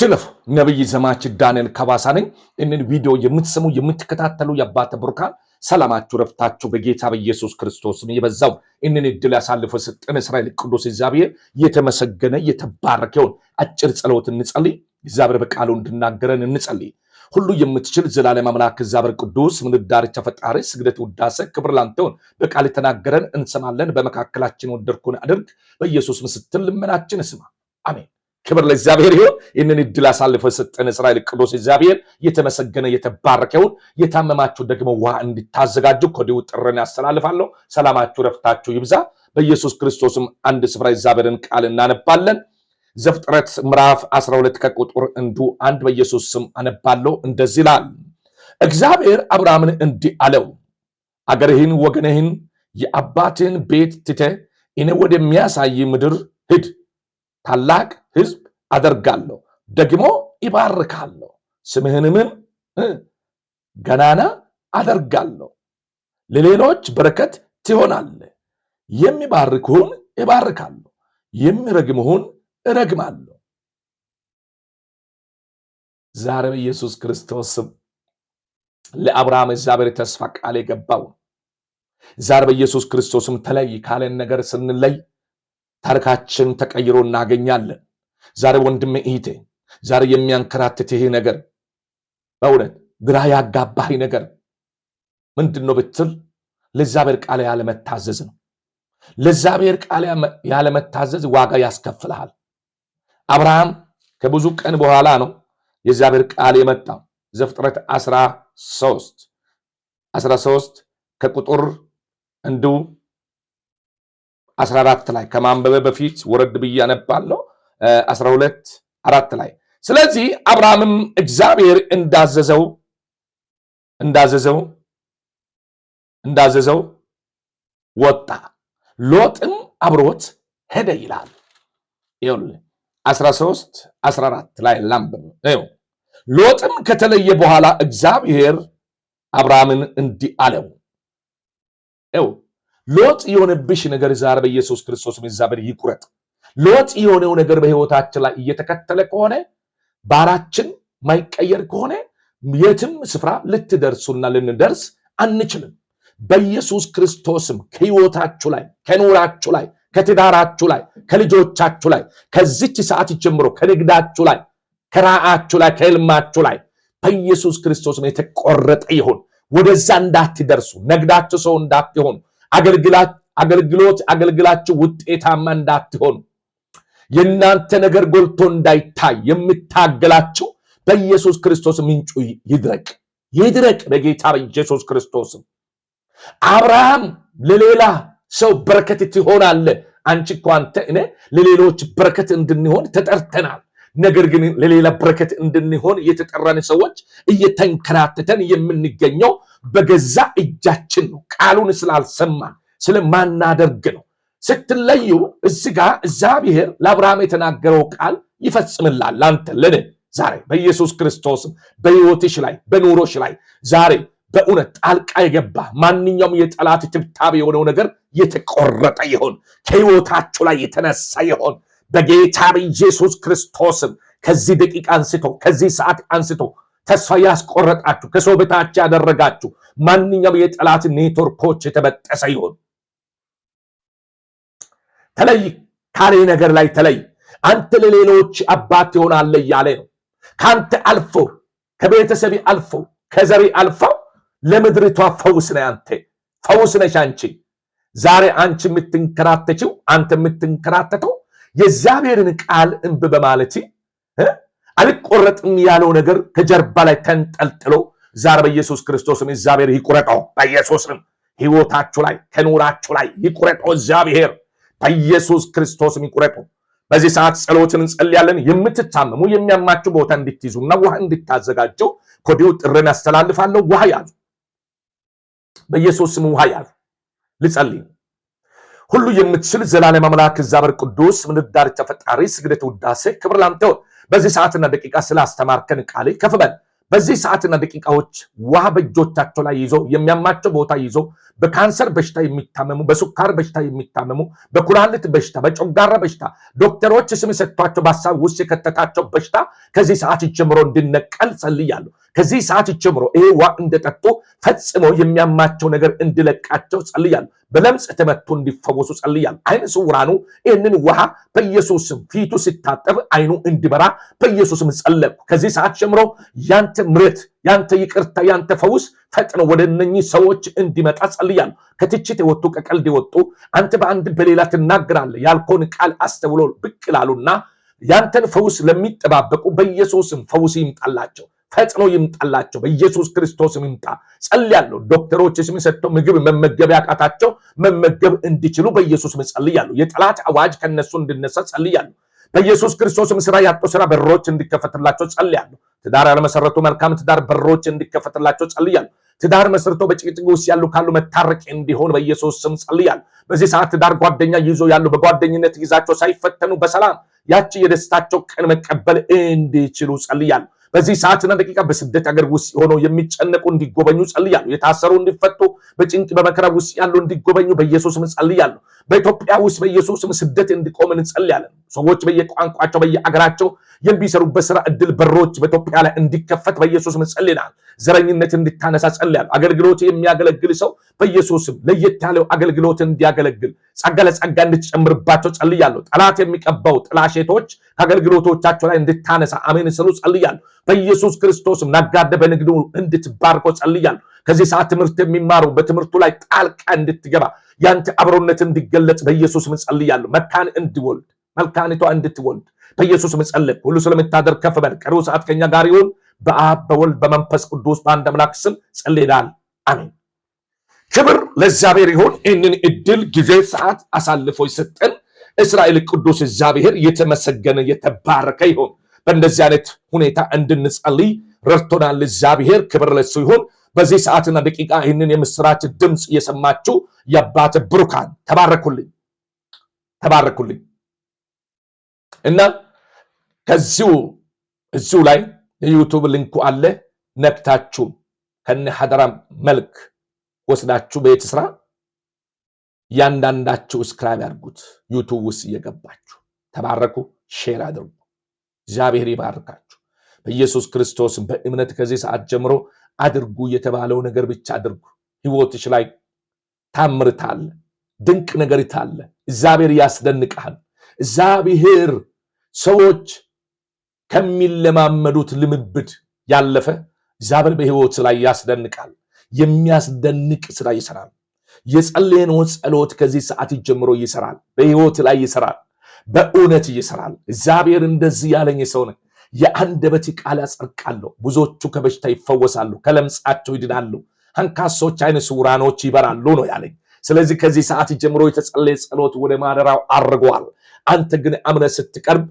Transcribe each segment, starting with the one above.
አችልፍ ነብይ ዘማች ዳንኤል ከባሳ ነኝ። እንን ቪዲዮ የምትሰሙ የምትከታተሉ የአባተ ብሩካን ሰላማችሁ ረፍታችሁ በጌታ በኢየሱስ ክርስቶስ የበዛው እንን እድል ያሳልፈ ስጥን እስራኤል ቅዱስ እግዚአብሔር የተመሰገነ የተባረከውን አጭር ጸሎት እንጸልይ። እግዚአብሔር በቃሉ እንድናገረን እንጸልይ። ሁሉ የምትችል ዘላለም አምላክ እግዚአብሔር ቅዱስ ምን ምንዳር ተፈጣሪ ስግደት፣ ውዳሴ፣ ክብር ላንተውን በቃል የተናገረን እንሰማለን። በመካከላችን ወደርኩን አድርግ። በኢየሱስ ምስትል ልመናችን ስማ። አሜን። ክብር ለእግዚአብሔር ይሁን። ይህንን እድል አሳልፎ የሰጠን እስራኤል ቅዱስ እግዚአብሔር የተመሰገነ የተባረከውን። የታመማችሁ ደግሞ ውሃ እንድታዘጋጁ ከወዲሁ ጥርን ያስተላልፋለሁ። ሰላማችሁ ረፍታችሁ ይብዛ። በኢየሱስ ክርስቶስም አንድ ስፍራ እግዚአብሔርን ቃል እናነባለን። ዘፍጥረት ምዕራፍ 12 ከቁጥር እንዱ አንድ በኢየሱስ ስም አነባለሁ። እንደዚህ ይላል፣ እግዚአብሔር አብርሃምን እንዲህ አለው፣ አገርህን ወገንህን የአባትህን ቤት ትተህ እኔ ወደሚያሳይ ምድር ሂድ ታላቅ ሕዝብ አደርጋለሁ፣ ደግሞ ይባርካለሁ፣ ስምህንምን ገናና አደርጋለሁ፣ ለሌሎች በረከት ትሆናለህ። የሚባርኩህን እባርካለሁ፣ የሚረግሙህን እረግማለሁ። ዛሬ በኢየሱስ ክርስቶስ ስም ለአብርሃም እግዚአብሔር ተስፋ ቃል የገባው ዛሬ በኢየሱስ ክርስቶስም ተለይ ካለን ነገር ስንለይ ታሪካችን ተቀይሮ እናገኛለን። ዛሬ ወንድሜ እህቴ፣ ዛሬ የሚያንከራትትህ ነገር በእውነት ግራ ያጋባህ ነገር ምንድን ነው ብትል ለእግዚአብሔር ቃል ያለመታዘዝ ነው። ለእግዚአብሔር ቃል ያለመታዘዝ ዋጋ ያስከፍልሃል። አብርሃም ከብዙ ቀን በኋላ ነው የእግዚአብሔር ቃል የመጣው። ዘፍጥረት 13 13 ከቁጥር እንዲሁ 14 ላይ ከማንበበ በፊት ወረድ ብዬ አነባለሁ። 12 አራት ላይ ስለዚህ አብርሃምም እግዚአብሔር እንዳዘዘው እንዳዘዘው እንዳዘዘው ወጣ ሎጥም አብሮት ሄደ ይላል። ይሁን 13 14 ላይ ላምብም ሎጥም ከተለየ በኋላ እግዚአብሔር አብርሃምን እንዲህ አለው። ሎጥ የሆነብሽ ነገር ዛሬ በኢየሱስ ክርስቶስ ሚዛብር ይቁረጥ። ሎጥ የሆነው ነገር በህይወታችን ላይ እየተከተለ ከሆነ ባራችን ማይቀየር ከሆነ የትም ስፍራ ልትደርሱና ልንደርስ አንችልም። በኢየሱስ ክርስቶስም ከህይወታችሁ ላይ ከኑራችሁ ላይ ከትዳራችሁ ላይ ከልጆቻችሁ ላይ ከዚች ሰዓት ጀምሮ ከንግዳችሁ ላይ ከራአችሁ ላይ ከህልማችሁ ላይ በኢየሱስ ክርስቶስም የተቆረጠ ይሁን። ወደዛ እንዳትደርሱ፣ ነግዳችሁ ሰው እንዳትሆኑ፣ አገልግሎት አገልግላችሁ ውጤታማ እንዳትሆኑ የእናንተ ነገር ጎልቶ እንዳይታይ የምታገላቸው በኢየሱስ ክርስቶስ ምንጩ ይድረቅ ይድረቅ፣ በጌታ በኢየሱስ ክርስቶስም። አብርሃም ለሌላ ሰው በረከት ትሆናለ አንቺ እኮ አንተ እኔ ለሌሎች በረከት እንድንሆን ተጠርተናል። ነገር ግን ለሌላ በረከት እንድንሆን የተጠራን ሰዎች እየተንከራተተን የምንገኘው በገዛ እጃችን ነው። ቃሉን ስላልሰማን ስለማናደርግ ነው። ስትለዩ እዚ ጋ እግዚአብሔር ለአብርሃም የተናገረው ቃል ይፈጽምላል። አንተ ለኔ ዛሬ በኢየሱስ ክርስቶስም በሕይወትሽ ላይ በኑሮሽ ላይ ዛሬ በእውነት ጣልቃ የገባ ማንኛውም የጠላት ትብታብ የሆነው ነገር የተቆረጠ ይሆን፣ ከሕይወታችሁ ላይ የተነሳ ይሆን በጌታ በኢየሱስ ክርስቶስም ከዚህ ደቂቃ አንስቶ ከዚህ ሰዓት አንስቶ ተስፋ ያስቆረጣችሁ ከሰው በታች ያደረጋችሁ ማንኛውም የጠላት ኔትወርኮች የተበጠሰ ይሆን ተለይ፣ ካሌ ነገር ላይ ተለይ። አንተ ለሌሎች አባት ይሆናል እያለ ነው። ከአንተ አልፎ ከቤተሰብ አልፎ ከዘሪ አልፈው ለምድሪቷ ፈውስ ነ አንተ፣ ፈውስ ነሽ አንቺ። ዛሬ አንቺ የምትንከራተችው አንተ የምትንከራተተው የእግዚአብሔርን ቃል እንብ በማለት አልቆረጥም ያለው ነገር ከጀርባ ላይ ተንጠልጥሎ ዛሬ በኢየሱስ ክርስቶስም እግዚአብሔር ይቁረጠው። በኢየሱስም ህይወታችሁ ላይ ከኑራችሁ ላይ ይቁረጠው እግዚአብሔር። በኢየሱስ ክርስቶስ ይቁረጡ። በዚህ ሰዓት ጸሎትን እንጸልያለን። የምትታመሙ የሚያማችሁ ቦታ እንድትይዙ እና ውሃ እንድታዘጋጁ ኮዲው ጥርን ያስተላልፋለሁ። ውሃ ያዙ፣ በኢየሱስ ስም ውሃ ያዙ። ልጸልይ ሁሉ የምትችል ዘላለም አምላክ እግዚአብሔር ቅዱስ ምድር ዳርቻ ፈጣሪ ስግደት፣ ውዳሴ፣ ክብር ላንተ። በዚህ ሰዓትና ደቂቃ ስለ አስተማርከን ቃል ከፍበል በዚህ ሰዓትና ደቂቃዎች ውሃ በእጆቻቸው ላይ ይዞ የሚያማቸው ቦታ ይዞ በካንሰር በሽታ የሚታመሙ፣ በሱካር በሽታ የሚታመሙ፣ በኩላሊት በሽታ፣ በጮጋራ በሽታ ዶክተሮች ስም ሰጥቷቸው በሀሳብ ውስጥ የከተታቸው በሽታ ከዚህ ሰዓት ጀምሮ እንድነቀል ጸልያለሁ። ከዚህ ሰዓት ጀምሮ ይሄ ውሃ እንደጠጡ ፈጽሞ የሚያማቸው ነገር እንዲለቃቸው ጸልያለሁ። በለምጽ ተመቶ እንዲፈወሱ ጸልያል አይነ ስውራኑ ይህንን ውሃ በኢየሱስም ፊቱ ሲታጠብ አይኑ እንዲበራ በኢየሱስም ጸለቅኩ። ከዚህ ሰዓት ጀምሮ ያንተ ምረት፣ ያንተ ይቅርታ፣ ያንተ ፈውስ ፈጥኖ ወደ እነኚህ ሰዎች እንዲመጣ ጸልያለሁ። ከትችት የወጡ ከቀልድ የወጡ አንተ በአንድ በሌላ ትናገራለህ ያልኮን ቃል አስተውሎ ብቅ ላሉና ያንተን ፈውስ ለሚጠባበቁ በኢየሱስም ፈውስ ይምጣላቸው። ተጽዕኖ ይምጣላቸው፣ በኢየሱስ ክርስቶስም ይምጣ። ጸልያለሁ። ዶክተሮች ስም ሰጥተው ምግብ መመገብ ያቃታቸው መመገብ እንዲችሉ በኢየሱስም ጸልያለሁ። የጠላት አዋጅ ከነሱ እንድነሳ ጸልያለሁ። በኢየሱስ ክርስቶስም ስራ ያጡ ስራ በሮች እንዲከፈትላቸው ጸልያለሁ። ትዳር ያለመሰረቱ መልካም ትዳር በሮች እንዲከፈትላቸው ጸልያለሁ። ትዳር መስርቶ በጭቅጭቅ ውስጥ ያሉ ካሉ መታረቅ እንዲሆን በኢየሱስ ስም ጸልያለሁ። በዚህ ሰዓት ትዳር ጓደኛ ይዞ ያሉ በጓደኝነት ይዛቸው ሳይፈተኑ በሰላም ያቺ የደስታቸው ቀን መቀበል እንዲችሉ ጸልያለሁ። በዚህ ሰዓትና ደቂቃ በስደት አገር ውስጥ ሆነው የሚጨነቁ እንዲጎበኙ ጸልያለሁ። የታሰሩ እንዲፈቱ፣ በጭንቅ በመከራ ውስጥ ያሉ እንዲጎበኙ በኢየሱስም ጸልያለሁ። በኢትዮጵያ ውስጥ በኢየሱስም ስደት እንዲቆም እንጸልያለን። ሰዎች በየቋንቋቸው በየአገራቸው የሚሰሩበት ስራ እድል በሮች በኢትዮጵያ ላይ እንዲከፈት በኢየሱስም እንጸልናል። ዘረኝነት እንዲታነሳ ጸልያለሁ። አገልግሎት የሚያገለግል ሰው በኢየሱስም ለየት ያለው አገልግሎት እንዲያገለግል ጸጋ ለጸጋ እንድትጨምርባቸው ጸልያለሁ። ጠላት የሚቀባው ጥላሸቶች ከአገልግሎቶቻቸው ላይ እንድታነሳ አሜን ስሉ ጸልያለሁ። በኢየሱስ ክርስቶስም ነጋዴ በንግዱ እንድትባርኮ ጸልያለሁ። ከዚህ ሰዓት ትምህርት የሚማሩ በትምህርቱ ላይ ጣልቃ እንድትገባ ያንተ አብሮነት እንዲገለጽ በኢየሱስ ስም ጸልያለሁ። መካን እንድወልድ መልካኒቷ እንድትወልድ በኢየሱስ ስም ጸልያለሁ። ሁሉ ስለምታደር ከፍ በል። ቀሪው ሰዓት ከኛ ጋር ይሁን። በአብ በወልድ በመንፈስ ቅዱስ በአንድ አምላክ ስም ጸልየናል። አሜን። ክብር ለእግዚአብሔር ይሁን። ይህንን እድል ጊዜ፣ ሰዓት አሳልፎ ይሰጠን። እስራኤል ቅዱስ እግዚአብሔር የተመሰገነ የተባረከ ይሁን። በእንደዚህ አይነት ሁኔታ እንድንጸልይ ረድቶናል። እግዚአብሔር ክብር ለሱ ይሁን። በዚህ ሰዓትና ደቂቃ ይህንን የምስራች ድምፅ እየሰማችሁ የአባት ብሩካን ተባረኩልኝ፣ ተባረኩልኝ እና ከዚሁ እዚሁ ላይ የዩቱብ ልንኩ አለ። ነክታችሁ ከነ ሀደራ መልክ ወስዳችሁ በየት ስራ እያንዳንዳችሁ እስክራብ ያድርጉት። ዩቱብ ውስጥ እየገባችሁ ተባረኩ፣ ሼር አድርጉ። እግዚአብሔር ይባርካችሁ በኢየሱስ ክርስቶስ በእምነት ከዚህ ሰዓት ጀምሮ አድርጉ የተባለው ነገር ብቻ አድርጉ። ህይወትሽ ላይ ታምር ታለ፣ ድንቅ ነገር ታለ። እግዚአብሔር ያስደንቅሃል። እግዚአብሔር ሰዎች ከሚለማመዱት ልምብድ ያለፈ እግዚአብሔር በህይወት ላይ ያስደንቃል። የሚያስደንቅ ስራ ይሰራል። የጸለየነው ጸሎት ከዚህ ሰዓት ጀምሮ ይሰራል። በህይወት ላይ ይሰራል። በእውነት ይሰራል። እግዚአብሔር እንደዚህ ያለኝ ሰው ነው። የአንደበቴ ቃል አጸድቃለሁ። ብዙዎቹ ከበሽታ ይፈወሳሉ፣ ከለምጻቸው ይድናሉ፣ አንካሶች አይነ ስውራኖች ይበራሉ ነው ያለኝ። ስለዚህ ከዚህ ሰዓት ጀምሮ የተጸለየ ጸሎት ወደ ማደራው አድርጓል። አንተ ግን አምነ ስትቀርብ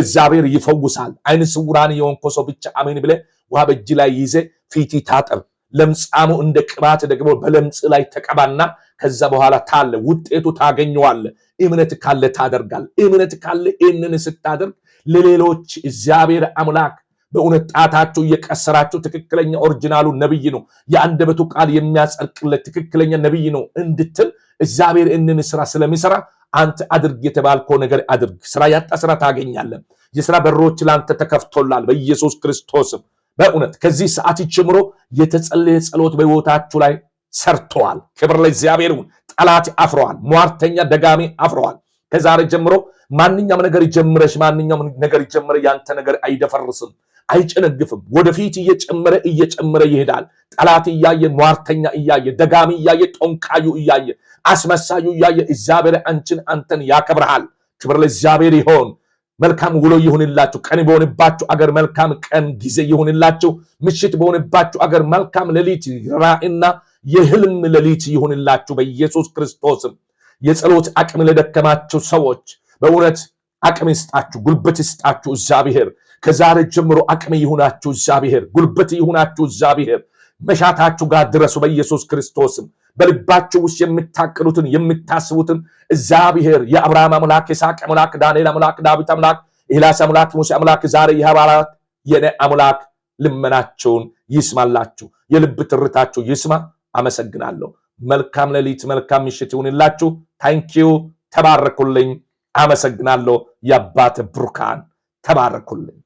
እግዚአብሔር ይፈውሳል። አይነ ስውራን የሆንኮ ሰው ብቻ አሜን ብለ ውሃ በእጅ ላይ ይዘ ፊት ታጠብ። ለምጻሙ እንደ ቅባት ደግሞ በለምጽ ላይ ተቀባና ከዛ በኋላ ታለ ውጤቱ ታገኘዋለ። እምነት ካለ ታደርጋል። እምነት ካለ ይህንን ስታደርግ ለሌሎች እግዚአብሔር አምላክ በእውነት ጣታቸው እየቀሰራቸው ትክክለኛ ኦሪጂናሉ ነብይ ነው የአንደበቱ ቃል የሚያጸድቅለት ትክክለኛ ነብይ ነው እንድትል እግዚአብሔር እንን ስራ ስለሚሰራ አንተ አድርግ የተባልከው ነገር አድርግ። ስራ ያጣ ስራ ታገኛለን። የስራ በሮች ለአንተ ተከፍቶላል በኢየሱስ ክርስቶስም። በእውነት ከዚህ ሰዓት ጀምሮ የተጸለየ ጸሎት በሕይወታችሁ ላይ ሰርተዋል። ክብር ለእግዚአብሔር ይሁን። ጠላት አፍረዋል። ሟርተኛ ደጋሚ አፍረዋል። ከዛሬ ጀምሮ ማንኛውም ነገር ይጀምረሽ፣ ማንኛውም ነገር ይጀምረ፣ ያንተ ነገር አይደፈርስም፣ አይጨነግፍም። ወደፊት እየጨመረ እየጨመረ ይሄዳል። ጠላት እያየ፣ ሟርተኛ እያየ፣ ደጋሚ እያየ፣ ጦንቃዩ እያየ፣ አስመሳዩ እያየ እግዚአብሔር አንቺን አንተን ያከብርሃል። ክብር ለእግዚአብሔር ይሆን። መልካም ውሎ ይሁንላችሁ። ቀን በሆንባችሁ አገር መልካም ቀን ጊዜ ይሁንላችሁ። ምሽት በሆንባችሁ አገር መልካም ሌሊት ራእና የህልም ሌሊት ይሁንላችሁ በኢየሱስ ክርስቶስም። የጸሎት አቅም ለደከማችሁ ሰዎች በእውነት አቅም ይስጣችሁ፣ ጉልበት ይስጣችሁ እግዚአብሔር። ከዛሬ ጀምሮ አቅም ይሁናችሁ እግዚአብሔር፣ ጉልበት ይሁናችሁ እግዚአብሔር። መሻታችሁ ጋር ድረሱ በኢየሱስ ክርስቶስም። በልባችሁ ውስጥ የምታቅዱትን የምታስቡትን እግዚአብሔር የአብርሃም አምላክ የይስሐቅ አምላክ ዳንኤል አምላክ ዳዊት አምላክ ኤልያስ አምላክ ሙሴ አምላክ ዛሬ የአባላት የኔ አምላክ ልመናቸውን ይስማላችሁ። የልብ ትርታችሁ ይስማ። አመሰግናለሁ። መልካም ሌሊት፣ መልካም ምሽት ይሁንላችሁ። ታንኪዩ። ተባረኩልኝ። አመሰግናለሁ። የአባት ብሩካን ተባረኩልኝ።